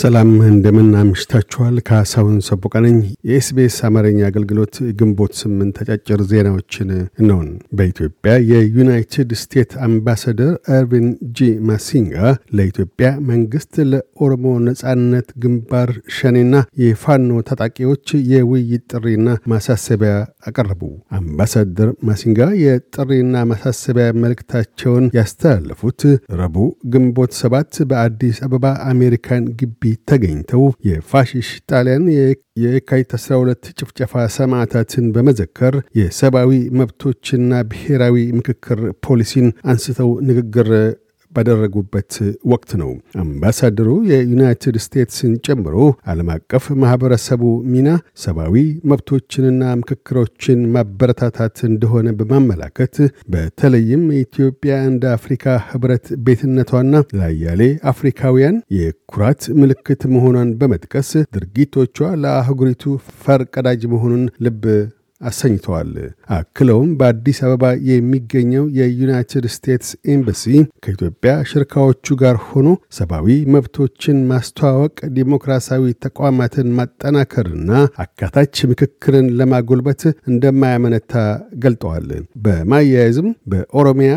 ሰላም እንደምን አምሽታችኋል። ካሳሁን ሰቦቀነኝ የኤስቤስ የኤስቢኤስ አማርኛ አገልግሎት ግንቦት ስምንት ተጫጭር ዜናዎችን ነውን። በኢትዮጵያ የዩናይትድ ስቴትስ አምባሳደር ኤርቪን ጂ ማሲንጋ ለኢትዮጵያ መንግስት ለኦሮሞ ነጻነት ግንባር ሸኔና የፋኖ ታጣቂዎች የውይይት ጥሪና ማሳሰቢያ አቀረቡ። አምባሳደር ማሲንጋ የጥሪና ማሳሰቢያ መልእክታቸውን ያስተላለፉት ረቡ ግንቦት ሰባት በአዲስ አበባ አሜሪካን ግቢ ተገኝተው የፋሽሽ ጣሊያን የካቲት 12 ጭፍጨፋ ሰማዕታትን በመዘከር የሰብአዊ መብቶችና ብሔራዊ ምክክር ፖሊሲን አንስተው ንግግር ባደረጉበት ወቅት ነው። አምባሳደሩ የዩናይትድ ስቴትስን ጨምሮ ዓለም አቀፍ ማኅበረሰቡ ሚና ሰብአዊ መብቶችንና ምክክሮችን ማበረታታት እንደሆነ በማመላከት በተለይም ኢትዮጵያ እንደ አፍሪካ ህብረት ቤትነቷና ለአያሌ አፍሪካውያን የኩራት ምልክት መሆኗን በመጥቀስ ድርጊቶቿ ለአህጉሪቱ ፈርቀዳጅ መሆኑን ልብ አሰኝተዋል። አክለውም በአዲስ አበባ የሚገኘው የዩናይትድ ስቴትስ ኤምባሲ ከኢትዮጵያ ሽርካዎቹ ጋር ሆኖ ሰብአዊ መብቶችን ማስተዋወቅ፣ ዲሞክራሲያዊ ተቋማትን ማጠናከርና አካታች ምክክርን ለማጎልበት እንደማያመነታ ገልጠዋል። በማያያዝም በኦሮሚያ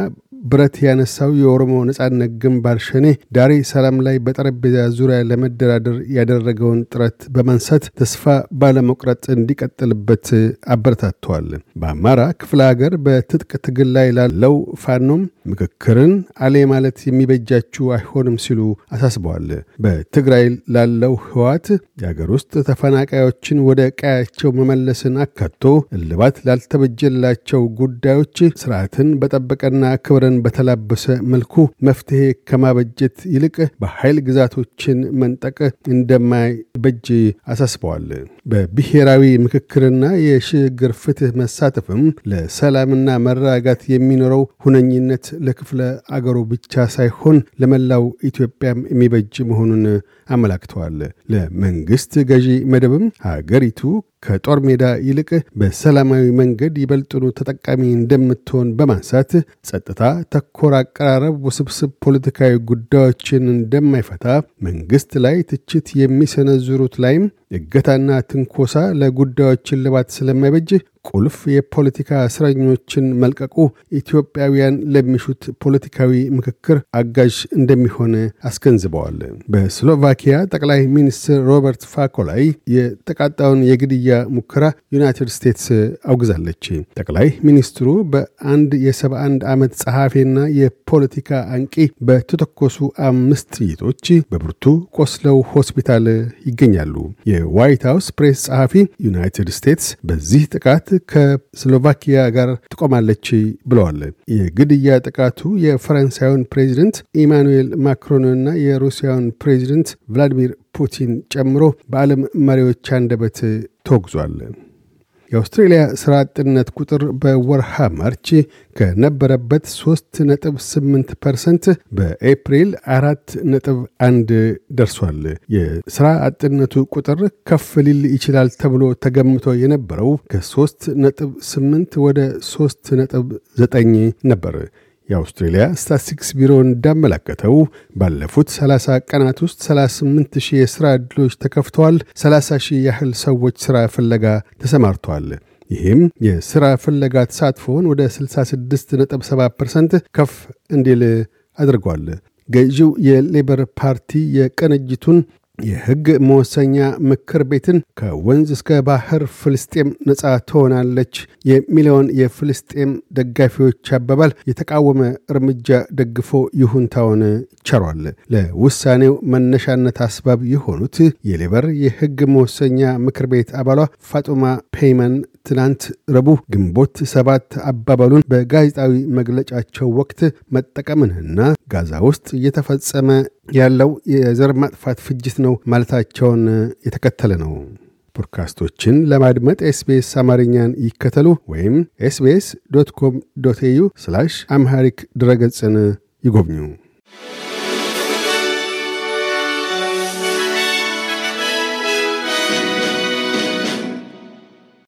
ብረት ያነሳው የኦሮሞ ነጻነት ግንባር ሸኔ ዳሬ ሰላም ላይ በጠረጴዛ ዙሪያ ለመደራደር ያደረገውን ጥረት በማንሳት ተስፋ ባለመቁረጥ እንዲቀጥልበት አበረታተዋል። በአማራ ክፍለ ሀገር በትጥቅ ትግል ላይ ላለው ፋኖም ምክክርን አሌ ማለት የሚበጃችው አይሆንም ሲሉ አሳስበዋል። በትግራይ ላለው ህዋት የአገር ውስጥ ተፈናቃዮችን ወደ ቀያቸው መመለስን አካቶ እልባት ላልተበጀላቸው ጉዳዮች ስርዓትን በጠበቀና ክብረ መዋቅርን በተላበሰ መልኩ መፍትሄ ከማበጀት ይልቅ በኃይል ግዛቶችን መንጠቅ እንደማይበጅ አሳስበዋል። በብሔራዊ ምክክርና የሽግግር ፍትህ መሳተፍም ለሰላምና መረጋጋት የሚኖረው ሁነኝነት ለክፍለ አገሩ ብቻ ሳይሆን ለመላው ኢትዮጵያም የሚበጅ መሆኑን አመላክተዋል። ለመንግስት ገዢ መደብም ሀገሪቱ ከጦር ሜዳ ይልቅ በሰላማዊ መንገድ ይበልጥኑ ተጠቃሚ እንደምትሆን በማንሳት ጸጥታ ተኮር አቀራረብ ውስብስብ ፖለቲካዊ ጉዳዮችን እንደማይፈታ መንግስት ላይ ትችት የሚሰነዝሩት ላይም እገታና ትንኮሳ ለጉዳዮችን ልባት ስለማይበጅ ቁልፍ የፖለቲካ እስረኞችን መልቀቁ ኢትዮጵያውያን ለሚሹት ፖለቲካዊ ምክክር አጋዥ እንደሚሆን አስገንዝበዋል። በስሎቫኪያ ጠቅላይ ሚኒስትር ሮበርት ፋኮ ላይ የተቃጣውን የግድያ ሙከራ ዩናይትድ ስቴትስ አውግዛለች። ጠቅላይ ሚኒስትሩ በአንድ የ71 ዓመት ጸሐፊና የፖለቲካ አንቂ በተተኮሱ አምስት ጥይቶች በብርቱ ቆስለው ሆስፒታል ይገኛሉ። የዋይት ሃውስ ፕሬስ ጸሐፊ ዩናይትድ ስቴትስ በዚህ ጥቃት ከስሎቫኪያ ጋር ትቆማለች ብለዋል። የግድያ ጥቃቱ የፈረንሳዩን ፕሬዚደንት ኢማኑኤል ማክሮንና የሩሲያውን ፕሬዚደንት ቭላዲሚር ፑቲን ጨምሮ በዓለም መሪዎች አንደበት ተወግዟል። የአውስትሬልያ ሥራ አጥነት ቁጥር በወርሃ ማርች ከነበረበት 3.8 ፐርሰንት በኤፕሪል ነጥብ 4.1 ደርሷል። የሥራ አጥነቱ ቁጥር ከፍ ሊል ይችላል ተብሎ ተገምቶ የነበረው ከ3.8 ወደ 3.9 ነበር። የአውስትሬልያ ስታቲስቲክስ ቢሮ እንዳመለከተው ባለፉት 30 ቀናት ውስጥ 38 ሺህ የሥራ ዕድሎች ተከፍተዋል። 30 ሺህ ያህል ሰዎች ሥራ ፍለጋ ተሰማርተዋል። ይህም የሥራ ፍለጋ ተሳትፎውን ወደ 66.7 ፐርሰንት ከፍ እንዲል አድርጓል። ገዢው የሌበር ፓርቲ የቅንጅቱን የሕግ መወሰኛ ምክር ቤትን ከወንዝ እስከ ባህር ፍልስጤም ነጻ ትሆናለች የሚሊዮን የፍልስጤም ደጋፊዎች አባባል የተቃወመ እርምጃ ደግፎ ይሁንታውን ቸሯል። ለውሳኔው መነሻነት አስባብ የሆኑት የሌበር የሕግ መወሰኛ ምክር ቤት አባሏ ፋጡማ ፔይመን ትናንት ረቡዕ ግንቦት ሰባት አባባሉን በጋዜጣዊ መግለጫቸው ወቅት መጠቀምንና ጋዛ ውስጥ እየተፈጸመ ያለው የዘር ማጥፋት ፍጅት ነው ማለታቸውን የተከተለ ነው። ፖድካስቶችን ለማድመጥ ኤስቤስ አማርኛን ይከተሉ ወይም ኤስቤስ ዶት ኮም ዶት ኤዩ አምሃሪክ ድረገጽን ይጎብኙ።